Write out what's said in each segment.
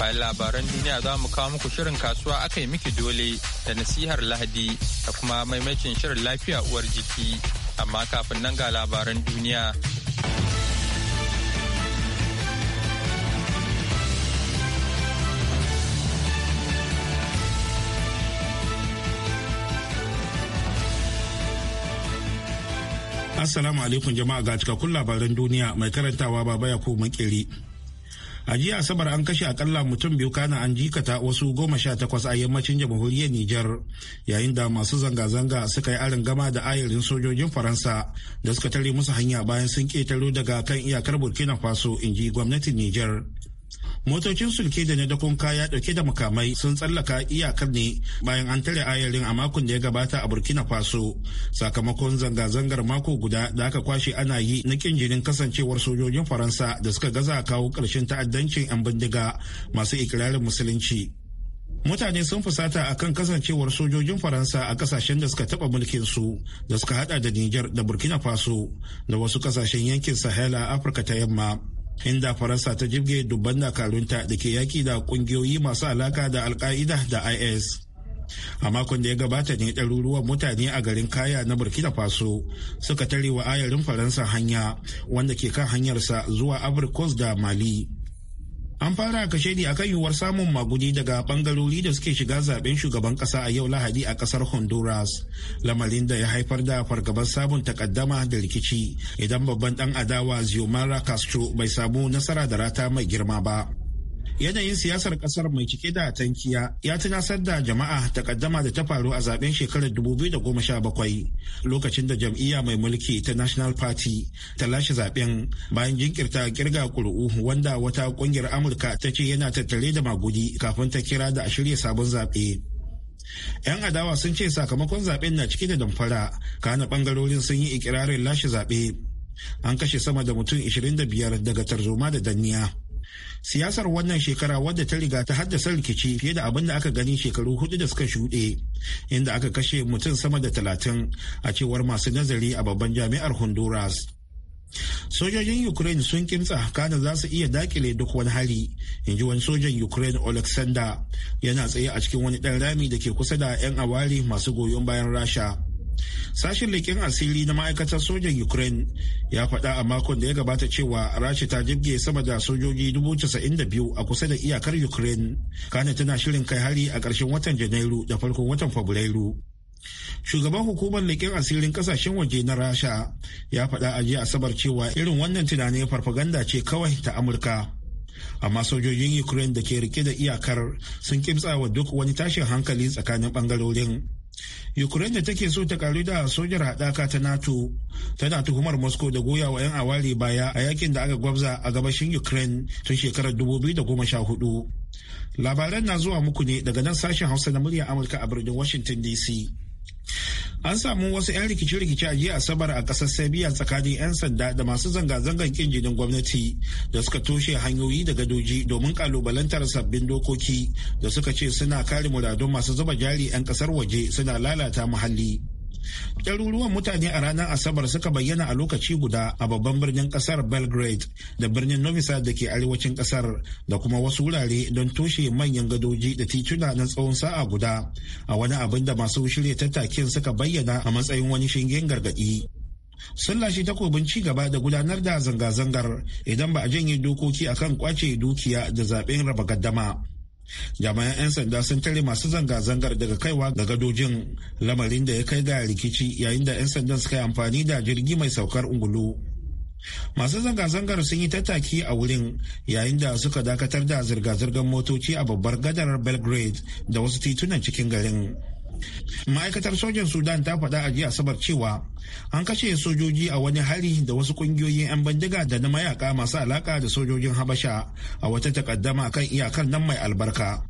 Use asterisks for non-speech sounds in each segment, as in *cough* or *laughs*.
Bayan labaran duniya za mu kawo muku shirin kasuwa aka yi miki dole da nasihar Lahadi da kuma maimacin shirin lafiya uwar jiki. Amma kafin nan ga labaran duniya. Assalamu alaikum jama'a ga cikakkun labaran duniya mai karantawa baba ya ko makeri. a jiya asabar an kashe akalla mutum biyu kana an jikata wasu goma sha takwas a yammacin jamhuriyar nijar yayin da masu zanga-zanga suka yi arin gama da ayarin sojojin faransa da suka tare musu hanya bayan sun ketaro daga kan iyakar burkina faso in ji gwamnatin nijar motocin sulke da na dakon kaya dauke da makamai sun tsallaka iyakar ne bayan an tare ayarin a makon da ya gabata a burkina faso sakamakon zanga-zangar mako guda da aka kwashe ana yi na kin jinin kasancewar sojojin faransa da suka gaza kawo karshen ta'addancin 'yan bindiga masu ikirarin musulunci mutane sun fusata a kan kasancewar sojojin faransa a kasashen da suka taɓa mulkin su da suka hada da niger da burkina faso da wasu kasashen yankin sahel a afirka ta yamma inda faransa ta jibge dubban dakarunta da ke yaki da kungiyoyi masu alaka da alka'ida da is a makon da ya gabata ne ɗaruruwan mutane a garin kaya na burkina faso suka tare wa ayarin faransa hanya wanda ke kan hanyarsa zuwa abrikos da mali an fara kashe ni akan yiwuwar samun magudi daga bangarori da suke shiga zaben shugaban kasa a yau lahadi a kasar honduras lamarin da ya haifar da fargabar sabon takaddama da rikici idan babban dan adawa zomara castro bai samu nasara da rata mai girma ba yanayin siyasar kasar mai cike da tankiya ya tunasar da jama'a takaddama da ta faru a zaben shekarar 2017 lokacin da jam'iyya mai mulki ta national party ta lashe zaben bayan jinkirta kirga kuri'u wanda wata kungiyar amurka ta ce yana tattare da magudi kafin ta kira da a shirya sabon zaɓe. 'Yan adawa sun ce sakamakon zaben na cike da damfara, kana bangarorin sun yi ikirarin lashe zaɓe. An kashe sama da mutum 25 daga tarzoma da danniya. siyasar wannan shekara wadda ta riga ta haddasa rikici fiye da abin da aka gani shekaru hudu da suka shuɗe inda aka kashe mutum sama da talatin a cewar masu nazari a babban jami'ar honduras sojojin ukraine sun kimtsa kana za su iya dakile duk wani hari in ji wani sojan ukraine alexander yana tsaye a cikin wani ɗan rami da ke kusa da 'yan awari masu goyon bayan rasha Sashen leƙen asiri na ma'aikatar sojan Ukraine ya faɗa a makon da ya gabata cewa Rasha ta jirge sama da sojoji 92,000 a kusa da iyakar Ukraine. Kana tana shirin kai hari a ƙarshen watan Janairu da farkon watan Fabrairu. Shugaban hukumar leƙen asirin ƙasashen waje na Rasha ya faɗa a jiya Asabar cewa irin wannan tunanin farfaganda ce kawai ta Amurka. amma sojojin ukraine da ke rike da iyakar sun kimtsa wa duk wani tashin hankali tsakanin bangarorin ukraine da take so ta karu da sojar haɗaka ta nato tana tuhumar moscow da goya wa 'yan aware baya a yakin da aka gwabza a gabashin ukraine tun shekarar 2014 labaran na zuwa muku ne daga nan sashen hausa na murya amurka a birnin washington dc an samu wasu 'yan rikice-rikice a jiya asabar a ƙasar serbia tsakanin 'yan sanda da masu zanga-zangar kin jinin gwamnati da suka toshe hanyoyi da gadoji domin kalubalantar sabbin dokoki da suka ce suna kare muradun masu zuba jari 'yan ƙasar waje suna lalata muhalli ɗaruruwan mutane a ranar asabar suka bayyana a lokaci guda a babban birnin ƙasar belgrade da birnin novi sad da ke arewacin ƙasar da kuma wasu wurare don toshe manyan gadoji da tituna na tsawon sa'a guda a wani abin da masu shirya tattakin suka bayyana a matsayin wani shingen gargaɗi sun lashe takobin ci gaba da gudanar da zanga-zangar idan ba a janye dokoki akan kwace dukiya da zaben raba gaddama jami'an 'yan sanda sun tare masu zanga-zangar daga kaiwa ga gadojin lamarin da ya kai ga rikici yayin da 'yan sanda suka yi amfani da jirgi mai saukar ungulu masu zanga-zangar sun yi tattaki a wurin yayin da suka dakatar da zirga-zirgar motoci a babbar gadar belgrade da wasu titunan cikin garin ma'aikatar sojan sudan ta faɗa a jiya asabar cewa an kashe sojoji a wani hari da wasu ƙungiyoyin 'yan bindiga da na mayaka masu alaka da sojojin habasha a wata takaddama kan iyakar nan mai albarka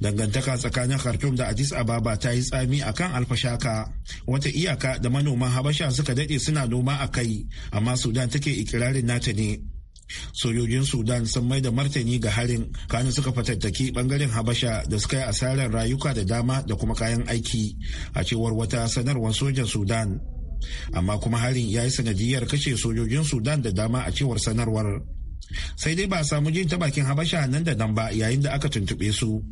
dangantaka tsakanin khartoum da addis ababa ta yi tsami a kan alfashaka wata iyaka da manoman habasha suka daɗe suna noma a kai amma sudan take ikirarin nata ne sojojin sudan sun mai da martani ga harin kanu suka fatattaki bangaren habasha da suka yi asarar rayuka da dama da kuma kayan aiki a cewar wata sanarwar sojan sudan amma kuma harin ya yi sanadiyar kashe sojojin sudan da dama a cewar sanarwar sai dai ba a samu jin ta bakin habasha nan da nan ba yayin da aka tuntuɓe su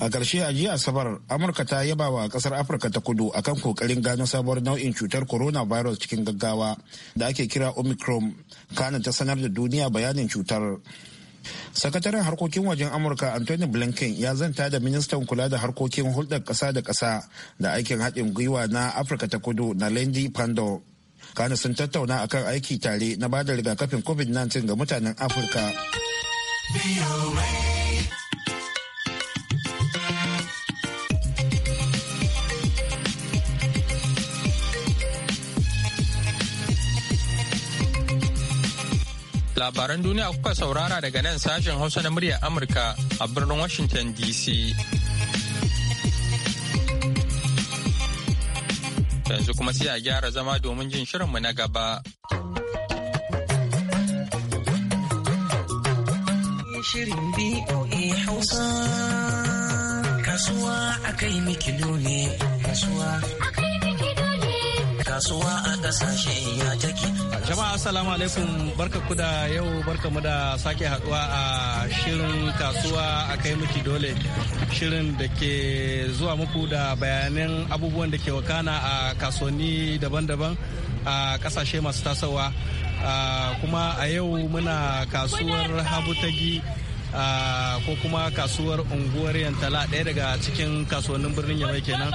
a ƙarshe a jiya asabar amurka ta yaba wa ƙasar afirka ta kudu akan kokarin gano sabuwar nau'in cutar Corona Virus cikin gaggawa da ake kira omicron kana ta sanar da duniya bayanin cutar sakataren harkokin wajen amurka anthony blinken ya zanta da ministan kula da harkokin hulɗar ƙasa da ƙasa da aikin haɗin gwiwa na afirka ta kudu na lendi pando kana sun tattauna akan aiki tare na bada rigakafin covid-19 ga mutanen afirka Labaran duniya kuka saurara daga nan sashen Hausa na muryar Amurka a birnin Washington DC. Yanzu kuma sai a gyara zama domin jin shirinmu na gaba. Shirin B-O-A Hausa Kasuwa akai mikilo ne Kasuwa kasuwa a kasashe ya take jama'a assalamu alaikum barka ku yau barka mu da sake haduwa a shirin kasuwa a kai miki dole shirin da ke zuwa muku da bayanan abubuwan da ke wakana a kasuwanni daban-daban a kasashe masu tasowa kuma a yau muna kasuwar habutagi ko kuma kasuwar unguwar yantala ɗaya daga cikin kasuwannin birnin yamai kenan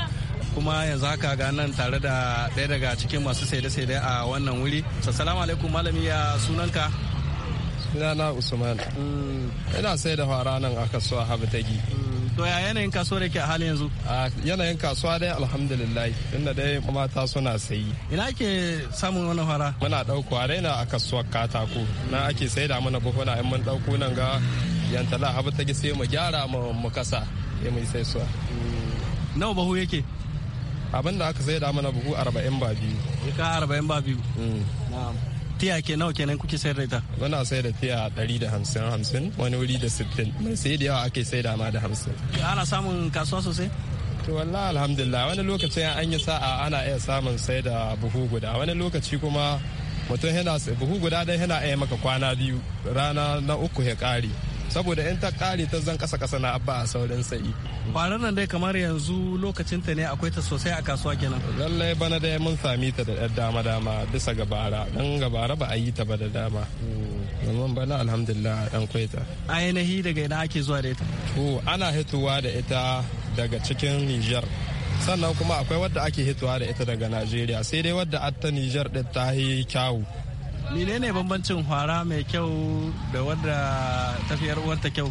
kuma yanzu haka ga nan tare da ɗaya daga cikin masu saide-saide a wannan wuri assalamu alaikum malami ya sunanka sunana usman mm. ina sai da fara nan a kasuwa habitagi mm. to ya yanayin kasuwar yake a halin yanzu a yanayin kasuwa dai alhamdulillah Inda dai mata suna sayi ina ke samun wani fara muna daukowa dai na a kasuwar katako na ake sai da mana buhuna in mun ɗauko nan ga yantala habitagi sai mu gyara mu kasa sai mu sai suwa mm. nawa bahu yake abin da aka saida da mana buhu arba'in ba biyu ka arba'in ba biyu mm. tiya ke nawa kenan kuke sayar da ita muna sayar da tiya ɗari da hamsin hamsin wani wuri da sittin mai sayi da yawa ake saida da ma da hamsin ana samun kasuwa sosai to wallahi alhamdulillah wani lokaci an yi sa'a ana iya samun sai da buhu guda wani lokaci kuma mutum yana buhu guda dan yana iya maka kwana biyu rana na uku ya kare saboda yan ta kare ta zan kasa kasa na abba a sauran sa'i kwarar nan dai kamar yanzu lokacin ta ne akwai ta sosai a kasuwa kenan lallai bana dai mun sami ta da yar dama dama bisa gabara dan gabara ba a yi ta ba da dama zaman bana alhamdulillah dan kwaita ainihi daga ina ake zuwa da ita to ana hituwa da ita daga cikin Niger sannan kuma akwai wadda ake hitowa da ita daga najeriya sai dai wadda atta nijar din ta yi kyawu menene bambancin hwara mai kyau da wadda tafiyar uwarta kyau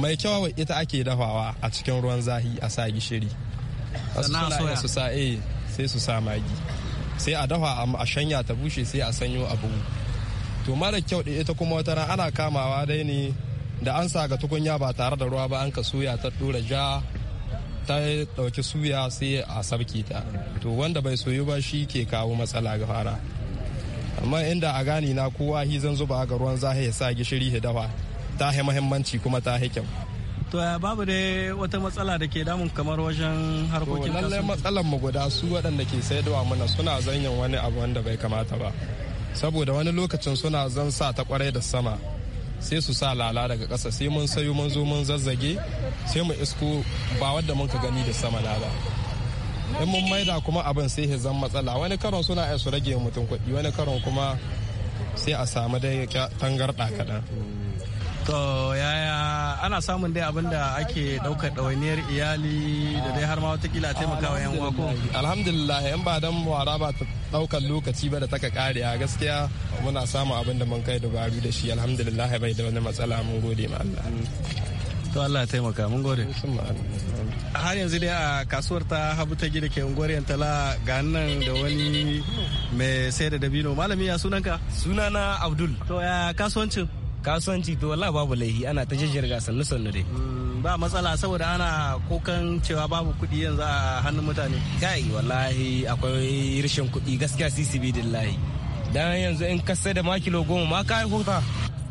mai kyau ita ake dafawa a cikin ruwan zahi a sa gishiri su sa eh sai su sa magi sai a dafa a shanya ta bushe sai a sanyo a bugu to mara kyau ita kuma wata ana kamawa dai ne da an sa ga tukunya ba tare da ruwa ba an ka suya ta ɗora ja ta ɗauki suya sai a sabki ta to wanda bai soyu ba shi ke kawo matsala ga fara amma inda a gani na kowa zan zuba ga ruwan zahi ya sa gishiri ya dafa ta hi muhimmanci kuma ta hi kyau to ya babu dai wata matsala da ke damun kamar wajen harkokin kasuwa. lallai matsalan mu guda su waɗanda ke sayarwa mana suna zanyan wani abu wanda bai kamata ba saboda wani lokacin suna zan sa ta kwarai da sama sai su sa lala daga kasa sai mun sayo mun zo mun zazzage sai mu isko ba wadda mun ka gani da sama lala in mun maida kuma abin sai ya zama matsala wani karon suna iya su rage mutum kuɗi wani karon kuma sai a samu dai tangarɗa kaɗan to yaya ana samun dai abin da ake daukar ɗawainiyar iyali da dai har ma watakila taimaka wa yan uwa ko alhamdulillah in ba dan wara ba ta daukar lokaci ba da taka kare a gaskiya muna samun abin da mun kai dabaru da shi alhamdulillah bai da wani matsala mun gode ma Allah to Allah ya taimaka mun gode har yanzu dai a kasuwar ta habu ta gida ke unguwar yantala ga nan da wani mai sai da dabino malami ya sunanka sunana abdul to ya kasuwancin kasuwanci to wallahi babu laihi ana ta jajjar sannu sannu dai hmm, ba matsala saboda ana kokan cewa babu kuɗi yanzu a hannun mutane kai wallahi akwai rashin kuɗi gaskiya sisi bidillahi dan yanzu in ka sai da ma kilo goma ma ka huta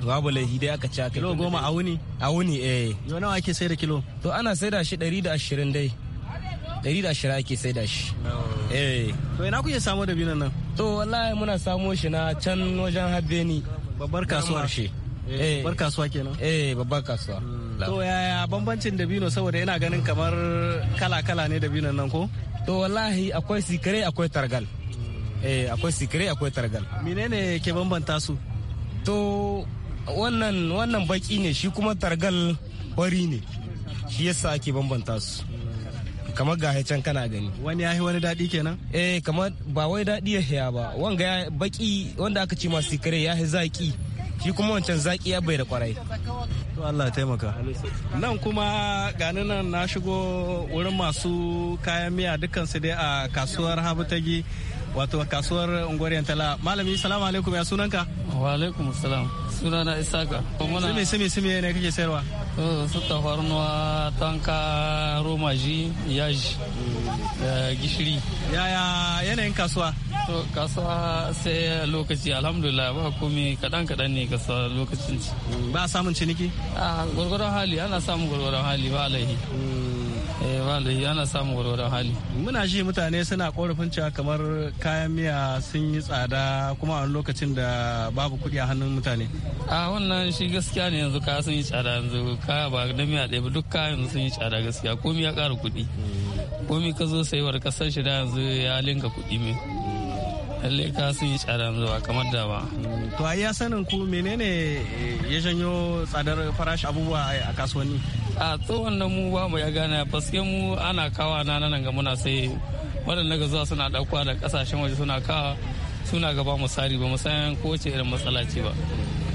babu laifi dai aka ci kilo goma a wuni a wuni eh yau nawa ake sai da kilo to ana sai da shi 120 dai 120 ake sai da shi eh to ina kuke samo da binan nan to wallahi muna samo shi na can wajen habbeni babbar kasuwar shi eh, eh. babbar kasuwa kenan eh babbar kasuwa hmm. to yaya bambancin dabino saboda ina ganin kamar kala kala ne dabinon nan ko to wallahi akwai sikire akwai targal hmm. eh akwai sikire akwai targal menene ke bambanta su to wannan wannan baki ne shi kuma targal wari ne shi yasa ake bambanta su kamar ga can kana gani wani yahi wani daɗi kenan eh kamar ba wai daɗi ya haya ba wanga ya baki wanda aka ce masu kare ya zaki shi kuma wancan zaki ya bai da kwarai to Allah taimaka nan kuma gani nan na shigo wurin masu kayan miya dukkan su dai a kasuwar gi wato kasuwar ungwariyar tala malami salamu alaikum ya sunanka wa alaikum salam sunana isaka sumi sumi sumi ne kake sayarwa oh, su tafarnuwa tanka romaji yaji da gishiri yaya yanayin kasuwa kasuwa sai lokaci alhamdulillah ba komai kadan kadan ne kasuwa lokacin ba samun ciniki a ah, gwargwaron hali ana samun gwargwaron hali ba alaihi hmm. eh wallahi ana samun warwaran hali muna shi mutane suna korafin cewa kamar kayan miya sun yi tsada kuma a wani lokacin da babu kuɗi a hannun mutane a wannan shi gaskiya ne yanzu kaya sun yi tsada yanzu kaya ba na miya ɗaya ba duk kayan sun yi tsada gaskiya komi ya ƙara kuɗi mm. komi ka zo sayuwar kasar shi da yanzu ya linka kuɗi mai lalle ka su yi tsadar zuwa kamar da ba to a iya sanin ku menene eh, ya janyo tsadar farashi abubuwa a kasuwanni a tsohon nan mu ba mu ya gane paske mu ana kawa na nan ga muna sai waɗanda ga zuwa suna ɗauka da ƙasashen waje suna kawa suna gaba misali ba mu san ko ce irin matsala ce ba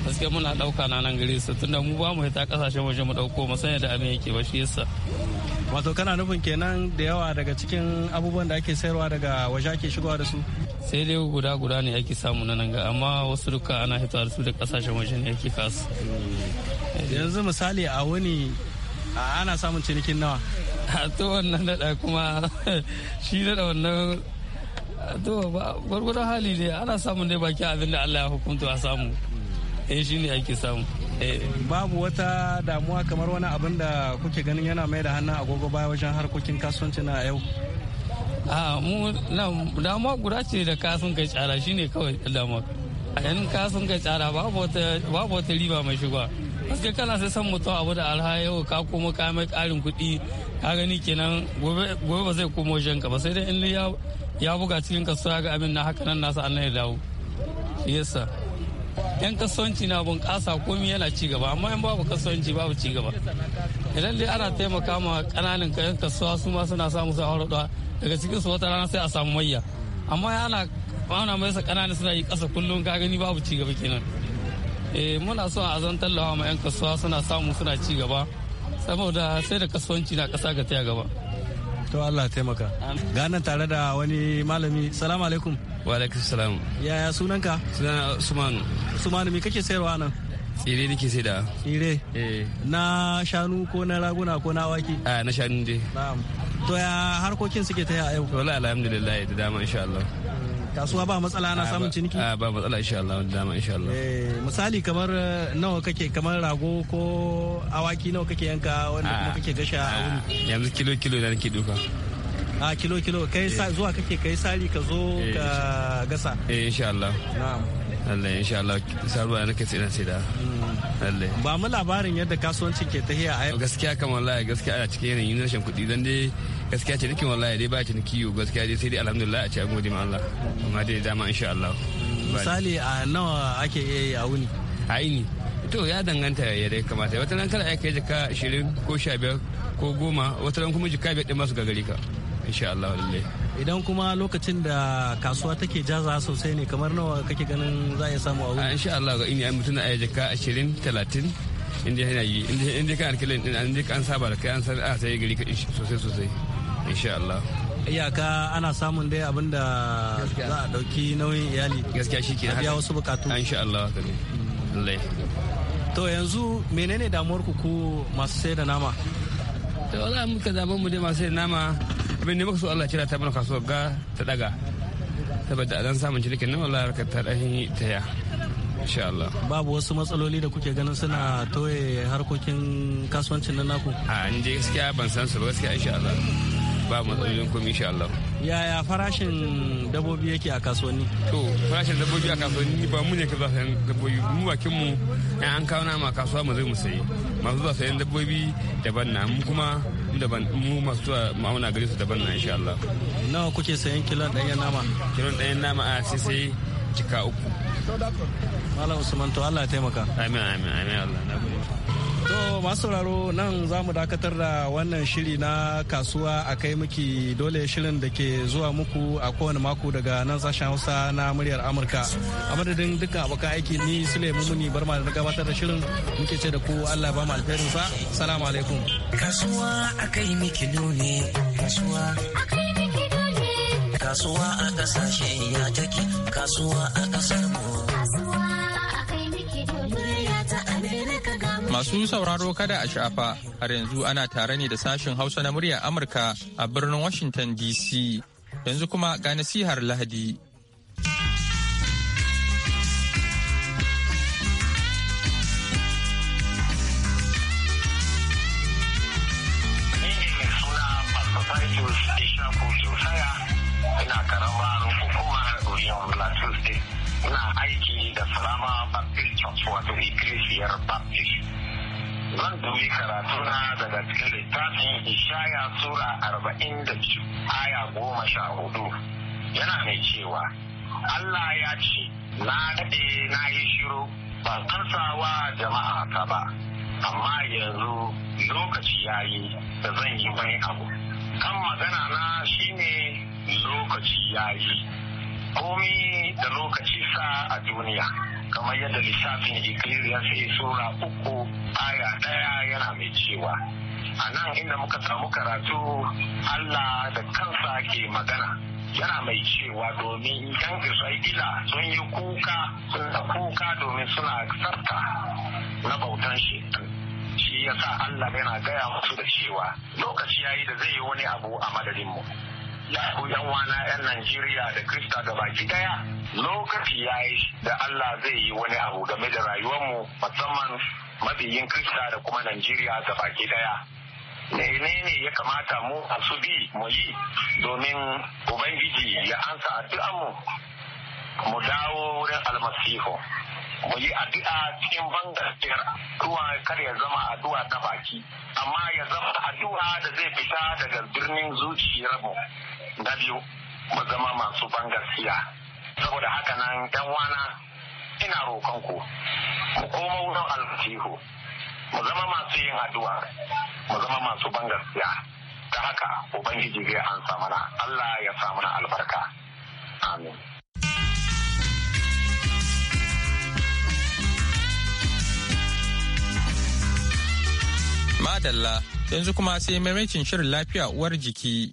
gaskiya muna ɗauka na nan gare su tunda mu ba mu hita kasashen waje mu ɗauko mu da abin yake ba shi yasa wato kana nufin kenan da yawa daga cikin abubuwan da ake sayarwa daga waje ake shigowa da su sai dai guda guda ne ake samu na nan ga amma wasu duka ana hitowa da su da kasashen waje ne ake kasu eh. yanzu misali a wani ana samun cinikin nawa *laughs* a to wannan daɗa kuma *laughs* shi daɗa wannan to gwargwadon hali ne ana samun dai baki abin da Allah ya hukunta a samu eh shi ne ake samu eh. babu wata damuwa kamar wani abin da kuke ganin yana mai da hannun agogo baya wajen harkokin kasuwanci na yau a mu damuwa guda ce da ka sun kai tsara shine kawai damuwa a yan ka sun kai tsara babu wata riba mai shiga gaske kana sai san mutum abu da alha yau ka komo ka mai karin kuɗi ka gani kenan gobe ba zai komo shanka ba sai dai in ya buga cikin kasuwa ga abin na haka nan nasa Allah ya dawo yasa yan kasuwanci na bunƙasa komi yana ci gaba amma in babu kasuwanci babu ci gaba idan dai ana taimaka ma kananan kayan kasuwa su ma suna samu su aure daga cikin su wata rana sai a samu mayya amma ana ana mai kanana suna yi kasa kullum ka gani babu ci gaba kenan eh muna so a zan tallawa ma yan kasuwa suna samu suna ci gaba saboda sai da kasuwanci na kasa ga ta gaba to Allah taimaka Gana tare da wani malami salamu alaikum wa alaikum salam yaya sunanka sunan usman usman me kake sayarwa nan tsire nake sai da tsire eh. na shanu ko na raguna ko na waki a ah, na shanu dai na'am to ya harkokin suke ta a yau wallahi alhamdulillah da dama insha Allah kasuwa ba matsala na samun ciniki a ba matsala insha Allah da dama insha Allah eh, misali kamar eh, nawa kake kamar rago ko awaki nawa kake yanka wanda kuma kake gasha a wuni yanzu kilo kilo na nake duka a kilo kilo kai eh. zuwa kake kai sari ka zo ka gasa eh insha Allah na'am Allah insha Allah sabuwa na kace ina sai da Allah ba mu labarin yadda kasuwancin ke ta hiya a gaskiya kan wallahi gaskiya a cikin yanayin rashin kuɗi dan dai gaskiya ce nake wallahi dai ba ta ni kiyo gaskiya dai sai dai alhamdulillah a ce gode ma Allah amma dai dama insha Allah misali a nawa ake yi a wuni a ni. to ya danganta ya dai kamata wata nan kala aika jika 20 ko 15 ko 10 wata nan kuma jika biyar da masu gagari ka insha Allah wallahi idan kuma lokacin da kasuwa take jaza sosai ne kamar nawa kake ganin za a samu a wuri insha Allah ga ina mutuna a jaka 20 30 inda yana yi inda kan alkilin din an ka an saba da kai an san a sai gari ka sosai sosai insha Allah iyaka ana samun dai abin da za a dauki nauyin iyali gaskiya shi ke biya wasu bukatu insha Allah Allah to yanzu menene damuwar ku ku masu sai da nama to wala muka zaben mu dai masu sai da nama abin da muka so Allah kira ta mana kasuwar ga ta daga saboda a dan samun cinikin nan wala harkar ta dahin ta ya insha Allah. Babu wasu matsaloli da kuke ganin suna toye harkokin kasuwancin na naku? A an je gaskiya ban san su ba gaskiya insha Allah. Babu matsalolin kuma insha Allah. yaya farashin dabbobi yake a kasuwanni to farashin dabbobi a kasuwanni ba mu ne ka za sayan dabbobi mu bakin mu an an kawo nama kasuwa mu zai mu sayi masu zuwa sayan dabbobi daban na mu kuma daban mu masu zuwa ma'auna gare su daban na insha Allah nawa kuke sayan kilon ɗanyen nama kilon ɗanyen nama a sai sai cika uku Malam Usman to Allah ya taimaka amin amin amin Allah na masu sauraro nan za mu dakatar da wannan shiri na kasuwa a kai muke dole shirin da ke zuwa muku a kowane mako daga nan sashen hausa na muryar amurka a madadin duka abokan aiki ni sule mumuni ma da gabatar da shirin muke ce da ku allah ba mu alherin sa salamu alaikum kasuwa a kai miki dole kasuwa a kasuwa a kasashe ya take kasuwa a kasar mu Masu sauraro kada a shafa, har yanzu ana tare ne da sashen Hausa na muryar Amurka a birnin Washington DC. Yanzu kuma ga nasihar Lahadi. Ina karamar hukumar Oyon Plateau State. Ina aiki da Salama Baptist Church wato ikirisiyar Baptist. zan goyi karatu na daga cikin littafin ishaya sura arba'in da biyu aya goma sha hudu yana mai cewa Allah ya ce na daɗe na yi shiru ba kansawa jama'a ta ba amma yanzu lokaci ya yi da zan yi wani abu kan magana na shine lokaci ya yi komi da lokaci sa a duniya kamar yadda lissafin Ecclesiastes sura uku aya ɗaya yana mai cewa a nan inda muka samu karatu Allah da kansa ke magana yana mai cewa domin yan Isra'ila sun yi kuka sun kuka domin suna sarta na bautan shi shi yasa Allah yana gaya musu da cewa lokaci yayi da zai yi wani abu a madadinmu. mu ku yan wana yan Najeriya da Krista ga baki daya lokaci ya yi da Allah zai yi wani abu game da rayuwarmu musamman mabiyin Krista da kuma Najeriya ga baki daya menene ya kamata mu a su bi mu yi domin ubangiji ya ansa addu'anmu mu dawo wurin almasihu mu yi addu'a cikin bangaskiyar zuwa kar ya zama addu'a ta baki amma ya zama addu'a da zai fita daga birnin zuciyarmu. mu na biyu mu zama masu ban gaskiya saboda haka nan yan wana ina roƙon ku mu koma wurin alfihu mu zama masu yin addu'a mu zama masu ban gaskiya ta haka ubangiji zai ansa mana Allah ya samu na albarka amin Madalla yanzu kuma sai maimakin shirin lafiya uwar jiki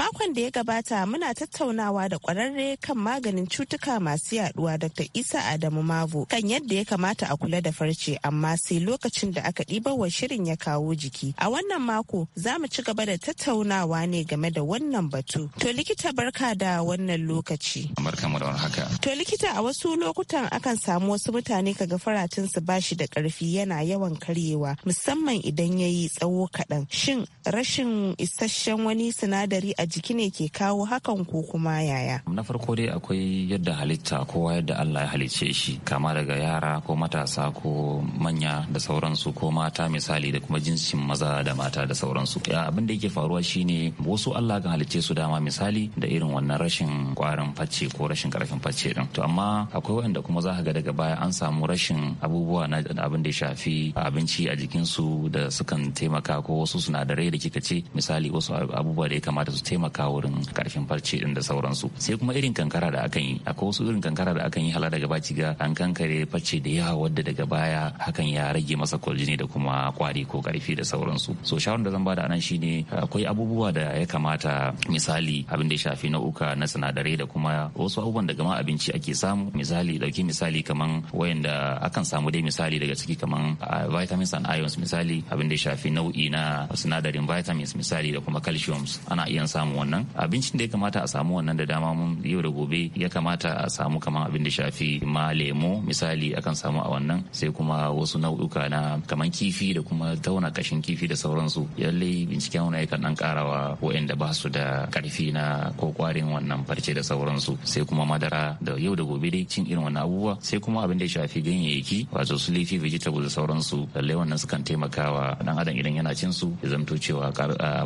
makon da ya gabata muna tattaunawa da kwararre kan maganin cutuka masu yaduwa Dr. Isa Adamu Mavo kan yadda ya kamata a kula da farce amma sai lokacin da aka ɗiba wa shirin ya kawo jiki. A wannan mako za mu ci gaba da tattaunawa ne game da wannan batu. To likita barka da wannan lokaci. To likita a wasu lokutan akan samu wasu mutane kaga faratin su bashi da karfi yana yawan karyewa musamman idan ya yi tsawo kaɗan. Shin rashin isasshen wani sinadari a jiki ne ke kawo hakan ko kuma yaya na farko dai akwai yadda halitta kowa yadda Allah ya halicce shi kama daga yara ko matasa ko manya da sauransu ko mata misali da kuma jinsin maza da mata da sauransu abin da yake faruwa shine wasu Allah kan halicce su dama misali da irin wannan rashin kwarin facce ko rashin karfin facce din to amma akwai waɗanda kuma za ga daga baya an samu rashin abubuwa na abin da ya shafi abinci a jikinsu da sukan taimaka ko wasu sinadarai da kika ce misali wasu abubuwa da ya kamata su taimaka taimaka wurin karfin farce din da sauransu sai kuma irin kankara da akan yi akwai wasu irin kankara da akan yi hala daga baci ga an kankare farce da yawa wadda daga baya hakan ya rage masa kwaljini da kuma kwari ko karfi da sauransu so shawarar da zan bada anan shine akwai abubuwa da ya kamata misali abin da ya shafi nau'uka na sinadarai da kuma wasu abubuwan da gama abinci ake samu misali dauki misali kaman wayanda akan samu dai misali daga ciki kaman ah, vitamins and ions misali abin da ya shafi nau'i na sinadarin vitamins misali da kuma calcium ana iya samu samu wannan abincin da ya kamata a samu wannan da dama mun yau da gobe ya kamata a samu kamar abin da shafi ma lemo misali akan samu a wannan sai kuma wasu nau'uka na kamar kifi da kuma tauna kashin kifi da sauransu yalle binciken wani yakan dan karawa waɗanda ba su da karfi na ko kwarin wannan farce da sauransu sai kuma madara da yau da gobe dai cin irin wannan abubuwa sai kuma abin da shafi ganyayyaki wato su leafy vegetables da sauransu lallai wannan sukan taimakawa dan adam idan yana cin su ya zamto cewa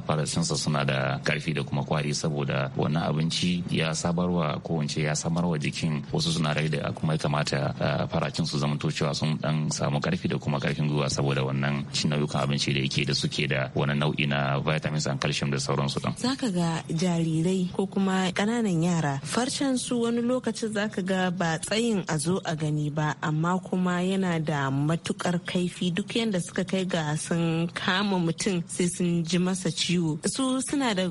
farasinsa suna da karfi da kuma kuma kwari saboda wannan abinci ya sabarwa ko wance ya samarwa jikin wasu sunarai da kuma ya kamata faracin su zama cewa sun dan samu karfi da kuma karfin gwiwa saboda wannan cin nau'ukan abinci da yake da suke da wani nau'i na vitamins and calcium da sauransu dan zaka ga jarirai ko kuma kananan yara farcen su wani lokacin zaka ga ba tsayin a zo a gani ba amma kuma yana da matukar kaifi duk yanda suka kai ga sun kama mutum sai sun ji masa ciwo su suna da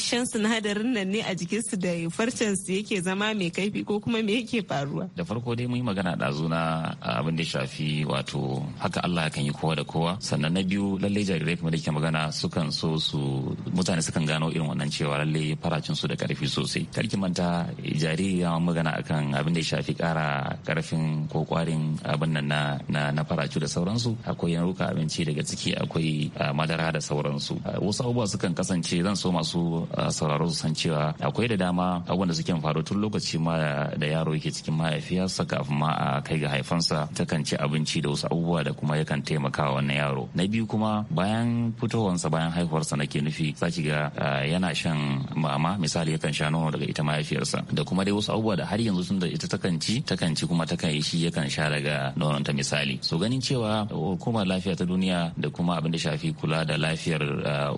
isasshen sinadarin nan ne a jikin su da farcen su yake zama mai kaifi ko kuma me yake faruwa da farko dai mun yi magana ɗazu na abin da shafi wato haka Allah kan yi kowa da kowa sannan na biyu lalle jarirai kuma da ke magana sukan so su mutane sukan gano irin wannan cewa lalle faracin su da karfi sosai karki manta jariri ya magana akan abin da shafi kara karfin ko kwarin abin nan na na, da sauransu akwai ruka abinci daga ciki akwai madara da sauransu wasu abubuwa sukan kasance zan so masu sauraro su san cewa akwai da dama abubuwan da suke faru tun lokaci ma da yaro yake cikin mahaifiyarsa kafin ma a kai ga haifansa kan ci abinci da wasu abubuwa da kuma yakan taimaka wa wannan yaro na biyu kuma bayan fitowarsa bayan haihuwarsa ke nufi ki ga yana shan mama misali yakan sha nono daga ita mahaifiyarsa da kuma dai wasu abubuwa da har yanzu tun da ita ta kan ci ta kan ci kuma ta kan yi shi yakan sha daga nononta misali so ganin cewa hukumar lafiya ta duniya da kuma abin da shafi kula da lafiyar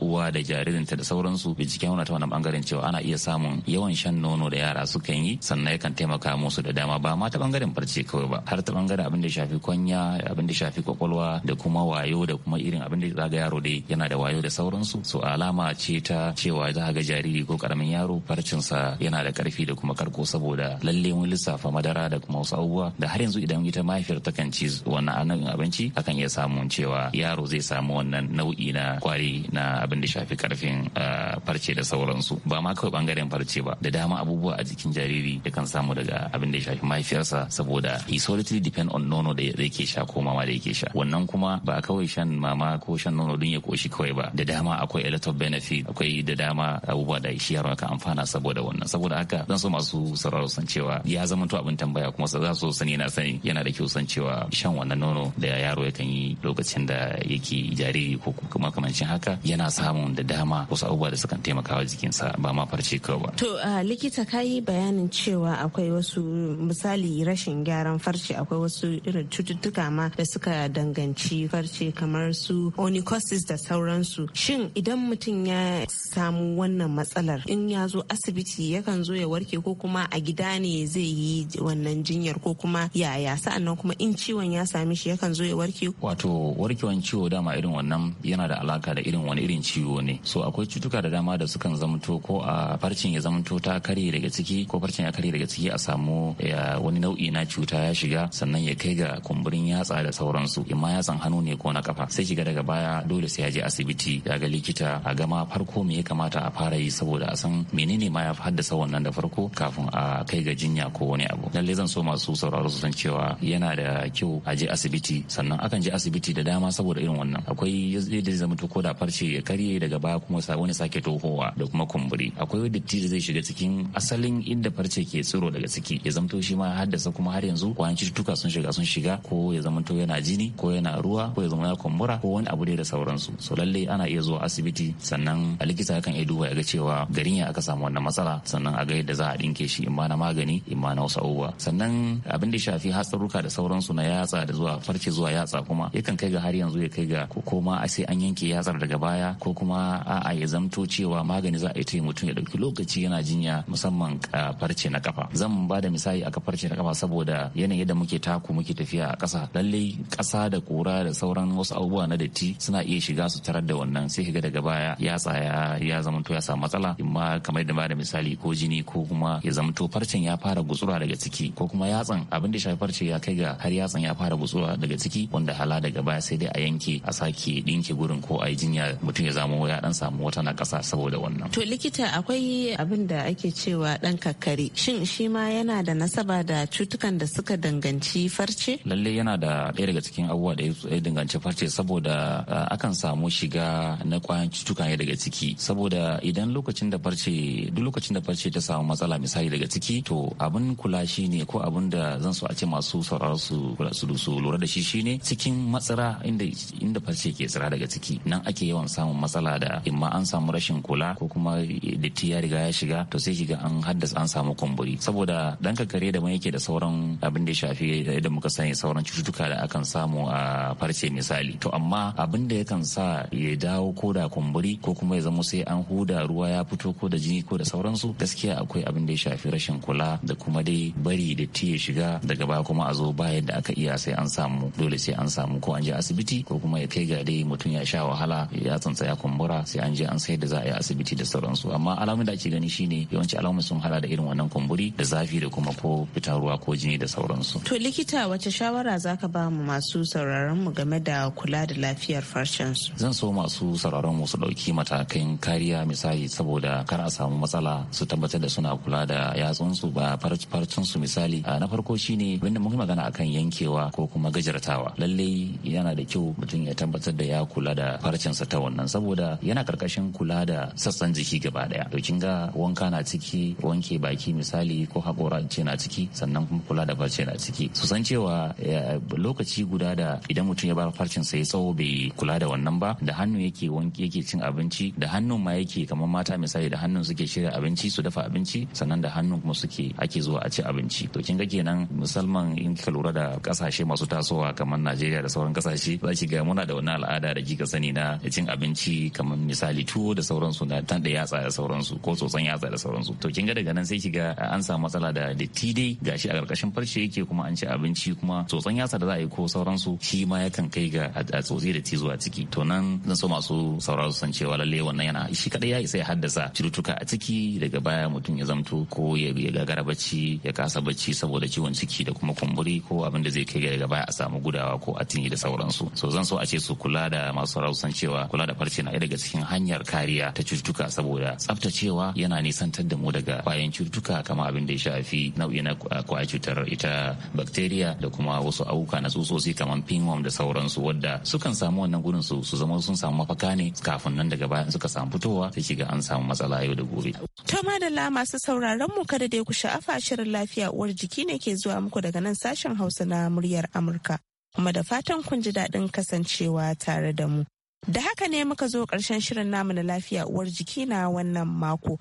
uwa da jaririnta da sauransu binciken nuna ta wani bangaren cewa ana iya samun yawan shan nono da yara sukan yi sannan yakan taimaka musu da dama ba ma ta bangaren farce kawai ba har ta bangaren abin da shafi kwanya abin da shafi kwakwalwa da kuma wayo da kuma irin abin da zaga yaro dai yana da wayo da sauransu su alama ce ta cewa za ga jariri ko karamin yaro farcinsa yana da karfi da kuma karko saboda lalle mun lissafa madara da kuma wasu abubuwa da har yanzu idan ita mahaifiyar kan ci wannan abinci akan iya samun cewa yaro zai samu wannan nau'i na kwari na abin da shafi karfin ah, farce da da sauransu ba ma kawai bangaren farce ba da dama abubuwa a jikin jariri kan samu daga abin da ya shafi mahaifiyarsa saboda he depend on nono da yake sha ko mama da yake sha wannan kuma ba kawai shan mama ko shan nono din ya koshi kawai ba da dama akwai a lot benefit akwai da dama abubuwa da shi yaro ka amfana saboda wannan saboda haka zan so masu sauraro san cewa ya zama to abin tambaya kuma za su sani na sani yana da kyau san cewa shan wannan nono da yaro yakan yi lokacin da yake jariri ko kuma kamancin haka yana samun da dama wasu abubuwa da sukan taimaka sakawa jikinsa ba ma farce kawai ba. To ah, likita ka yi bayanin cewa akwai wasu misali rashin gyaran farce akwai wasu irin cututtuka ma da suka danganci farce kamar su onycosis da sauransu. Shin idan mutum ya samu wannan matsalar in ya zo asibiti yakan zo ya warke ko kuma a gida ne zai yi wannan jinyar ko kuma yaya sa'annan kuma in ciwon ya sami shi yakan zo ya warke. Wato warkewan ciwo dama irin wannan yana da alaka da irin wani irin ciwo ne. So akwai cutuka da dama da suka sukan zamanto ko a farcin ya zamanto ta karye daga ciki ko farcin ya karye daga ciki a samu eh, wani nau'i na cuta ya shiga sannan ya kai ga kumburin yatsa da sauransu imma yatsan hannu ne ko na kafa sai shiga daga baya dole sai ya je asibiti ya ga likita a gama farko me ya kamata a fara yi saboda a san menene ma ya haddasa wannan da farko kafin a kai ga jinya ko wani abu lallai zan so masu sauraro su san cewa yana da kyau a je asibiti sannan akan je asibiti da dama saboda irin wannan akwai yadda zai zama ko da farce ya karye daga baya kuma wani sake tohowa da kuma kumburi akwai datti da zai shiga cikin asalin inda farce ke tsiro daga ciki ya zamto shi ma haddasa kuma har yanzu kwayan cututtuka sun shiga sun shiga ko ya zamanto yana jini ko yana ruwa ko ya zama ya kumbura ko wani abu dai da sauransu so lalle ana iya zuwa asibiti sannan a likita yakan iya duba ya ga cewa garin ya aka samu wannan matsala sannan a ga yadda za a dinke shi in ma na magani in ma na wasu abubuwa sannan abin da shafi hatsaruka da sauransu na yatsa da zuwa farce zuwa yatsa kuma yakan kai ga har yanzu ya kai ga ko ma sai an yanke yatsar daga baya ko kuma a'a ya zamto cewa magani za a yi ta mutum ya ɗauki lokaci yana jinya musamman farce na kafa zan ba da misali a farce na kafa saboda yanayin da muke taku muke tafiya a ƙasa lallai ƙasa da kura da sauran wasu abubuwa na datti suna iya shiga su tarar da wannan sai ga daga baya ya tsaya ya zamanto ya samu matsala imma kamar da ba da misali ko jini ko kuma ya zamanto farcen ya fara gutsura daga ciki ko kuma yatsan abin da shafi farce ya kai ga har yatsan ya fara gutsura daga ciki wanda hala daga baya sai dai a yanke a sake dinke gurin ko a yi jinya mutum ya zamo ya dan samu wata na ƙasa saboda wannan wannan to likita akwai abin da ake cewa ɗan kakkari shin shi ma yana da nasaba da cutukan da suka danganci farce lalle yana da ɗaya daga cikin abubuwa da ya danganci farce saboda ah, akan samu shiga na kwayan cutukan ya daga ciki saboda idan lokacin da farce duk lokacin da farce ta samu matsala misali daga ciki to abin kula shine ko abin da zan so a ce masu sauraro su su lura da shi shine cikin matsara inda inda farce ke tsira daga ciki nan ake yawan samun matsala da imma an samu rashin kula ko kuma datti ya riga ya shiga to sai ki ga an haddasa an samu kumburi saboda dan kakare da mai yake da sauran abin da ya shafi da muka sani sauran cututtuka da akan samu a farce misali to amma abin da yakan sa ya dawo ko da kumburi ko kuma ya zama sai an huda ruwa ya fito ko da jini ko da sauransu gaskiya akwai abin da ya shafi rashin kula da kuma dai bari datti ya shiga daga baya kuma a zo ba yadda aka iya sai an samu dole sai an samu ko an je asibiti ko kuma ya kai ga dai mutum ya sha wahala ya tsantsa ya kumbura sai an je an sai da za a yi asibiti asibiti da sauransu amma alamun da ake gani shine yawanci alamun sun hada da irin wannan kumburi da zafi da kuma ko fitar ruwa ko jini da sauransu to likita wace shawara zaka ba mu masu sauraron mu game da kula da lafiyar farshen su zan so masu sauraron mu su dauki matakan kariya misali saboda kar a samu matsala su tabbatar da suna kula da yatsun su ba farcin su misali na farko shine wanda mun magana akan yankewa ko kuma gajartawa lallai yana da kyau mutum ya tabbatar da ya kula da farcin sa ta wannan saboda yana karkashin kula da sassan jiki gaba daya to kin ga wanka na ciki wanke baki misali ko hakora ce na ciki sannan kuma kula da farce na ciki su san cewa eh, lokaci guda da idan mutum ya bar farcen sa ya tsawo bai kula da wannan ba da hannu yake wanke yake cin abinci da hannun ma yake kamar mata misali da hannun suke shirya abinci su dafa abinci sannan da hannun kuma suke ake zuwa a ci abinci to kin ga kenan musamman in ka lura da kasashe masu tasowa kamar Najeriya da sauran kasashe za ki ga muna da wannan al'ada da kika sani na cin abinci kamar misali tuwo da sauransu na da yatsa da sauransu ko tsotson yatsa da sauransu to kin ga daga nan sai shiga an samu matsala da datti dai gashi a karkashin farce yake kuma an ci abinci kuma tsotson yatsa da za a yi ko sauransu shi ma yakan kai ga a tsotsi da ti zuwa ciki to nan zan so masu sauraro san cewa lalle wannan yana shi kadai ya isa ya haddasa cututtuka a ciki daga baya mutum ya zamto ko ya gagara bacci ya kasa bacci saboda ciwon ciki da kuma kumburi ko abin da zai kai daga baya a samu gudawa ko a tinyi da sauransu so zan so a ce su kula da masu sauraro san cewa kula da farce na daga cikin hanyar kariya ta cututtuka cututtuka saboda tsaftacewa yana nisantar da mu daga kwayan cututtuka kamar abin da ya shafi nau'i na kwayar cutar ita bacteria da kuma wasu abubuwa na tsutsotsi kamar pinworm da sauransu wadda sukan samu wannan gurin su su zama sun samu mafaka ne kafin nan daga baya suka samu fitowa sai shiga an samu matsala yau da gobe. To madalla masu sauraron mu kada dai ku sha'afa shirin lafiya uwar jiki ne ke zuwa muku daga nan sashen Hausa na muryar Amurka. Kuma da fatan kun ji daɗin kasancewa tare da mu. Da haka ne muka zo ƙarshen shirin namu na lafiya uwar jiki na wannan mako.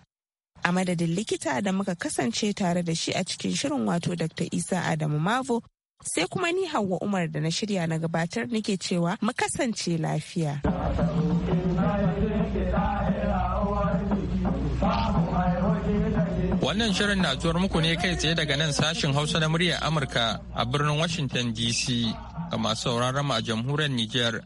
A madadin likita da muka kasance tare da shi a cikin shirin wato Dr. Isa Adamu Mavo sai kuma ni Hauwa Umar da na shirya na gabatar nake cewa mu kasance lafiya. Wannan shirin na zuwar muku ne kai tsaye daga nan sashin Hausa na muryar Amurka a birnin Washington DC ga masu sauraron mu a jamhuriyar Nijar.